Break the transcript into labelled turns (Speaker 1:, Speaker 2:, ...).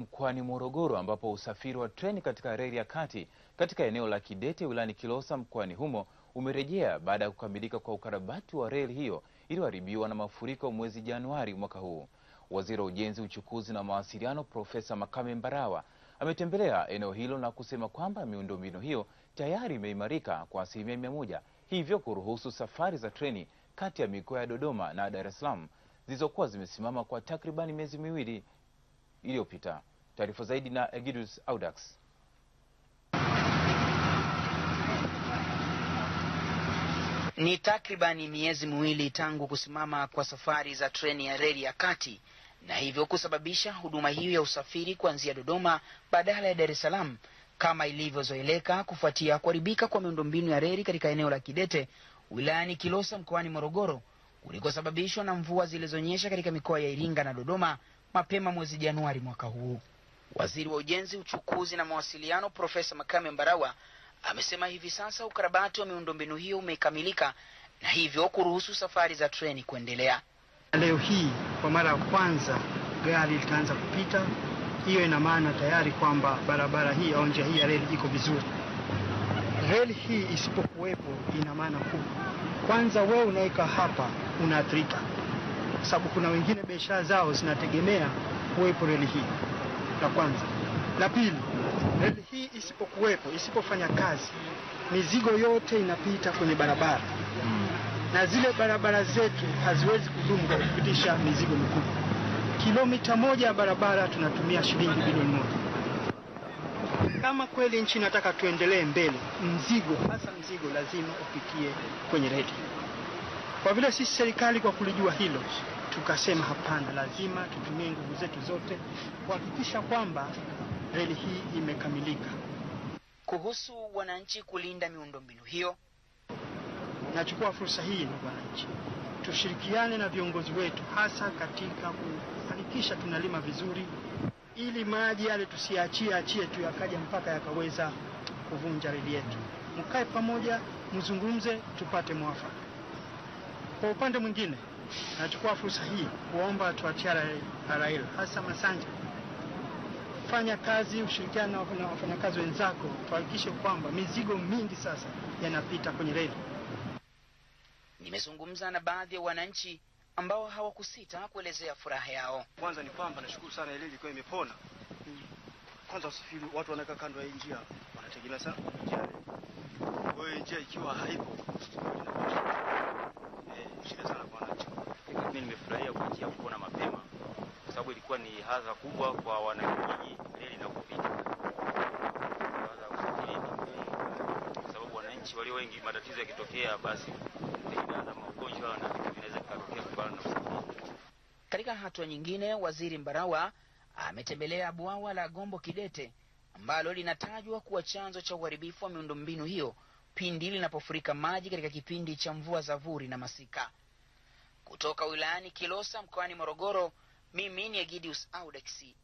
Speaker 1: Mkoani Morogoro ambapo usafiri wa treni katika reli ya kati katika eneo la Kidete wilayani Kilosa mkoani humo umerejea baada ya kukamilika kwa ukarabati wa reli hiyo iliyoharibiwa na mafuriko mwezi Januari mwaka huu. Waziri wa Ujenzi, Uchukuzi na Mawasiliano Profesa Makame Mbarawa ametembelea eneo hilo na kusema kwamba miundombinu hiyo tayari imeimarika kwa asilimia mia moja, hivyo kuruhusu safari za treni kati ya mikoa ya Dodoma na Dar es Salaam zilizokuwa zimesimama kwa takribani miezi miwili iliyopita. Taarifa zaidi na Egidus Audax.
Speaker 2: Ni takribani miezi miwili tangu kusimama kwa safari za treni ya reli ya kati na hivyo kusababisha huduma hiyo ya usafiri kuanzia Dodoma badala ya Dar es Salaam kama ilivyozoeleka kufuatia kuharibika kwa miundombinu ya reli katika eneo la Kidete wilayani Kilosa mkoani Morogoro kulikosababishwa na mvua zilizonyesha katika mikoa ya Iringa na Dodoma mapema mwezi Januari mwaka huu. Waziri wa Ujenzi, Uchukuzi na Mawasiliano Profesa Makame Mbarawa amesema hivi sasa ukarabati wa miundombinu hiyo umekamilika na hivyo kuruhusu safari za treni kuendelea.
Speaker 3: Leo hii kwa mara ya kwanza gari litaanza kupita. Hiyo ina maana tayari kwamba barabara hii au njia hii ya reli iko vizuri. Reli hii isipokuwepo, ina maana kubwa. Kwanza wewe unaweka hapa unaathirika, kwa sababu kuna wengine biashara zao zinategemea kuwepo reli hii la kwanza. La pili, reli hii isipokuwepo, isipofanya kazi, mizigo yote inapita kwenye barabara hmm. na zile barabara zetu haziwezi kudumu kwa kupitisha mizigo mikubwa. Kilomita moja ya barabara tunatumia shilingi bilioni moja. Kama kweli nchi inataka tuendelee mbele, mzigo hasa mzigo lazima upitie kwenye reli. Kwa vile sisi serikali kwa kulijua hilo tukasema hapana, lazima tutumie nguvu zetu zote kuhakikisha kwamba reli hii imekamilika.
Speaker 2: Kuhusu wananchi kulinda miundombinu hiyo,
Speaker 3: nachukua fursa hii, ndugu wananchi, tushirikiane na viongozi wetu, hasa katika kuhakikisha tunalima vizuri, ili maji yale tusiachie achie tu yakaja mpaka yakaweza kuvunja reli yetu. Mkae pamoja, mzungumze, tupate mwafaka. Kwa upande mwingine Nachukua fursa hii kuomba tuachia Raila hasa Masanja, fanya kazi, ushirikiana na wafanyakazi wenzako, tuhakikishe kwamba mizigo mingi sasa yanapita kwenye reli.
Speaker 2: Nimezungumza na baadhi ya wananchi ambao hawakusita kuelezea furaha yao.
Speaker 4: Kwanza ni kwamba nashukuru sana ile ilikuwa imepona. Kwanza usafiri, watu wanaweka kando ya njia, wanategemea sana njia. Kwa hiyo njia ikiwa haipo
Speaker 5: nilifurahia kujiamko na mapema, kwa sababu ilikuwa ni hadha kubwa kwa wanakijiji leli na kupita kwa sababu wananchi walio wengi, matatizo yakitokea, basi magonjwa na vitu vinaweza vikatokea kutokana na usafiri.
Speaker 2: Katika hatua nyingine, Waziri Mbarawa ametembelea bwawa la Gombo Kidete ambalo linatajwa kuwa chanzo cha uharibifu wa miundombinu hiyo pindi linapofurika maji katika kipindi cha mvua za vuri na masika. Kutoka wilayani Kilosa mkoani Morogoro, mimi ni Egidius audexi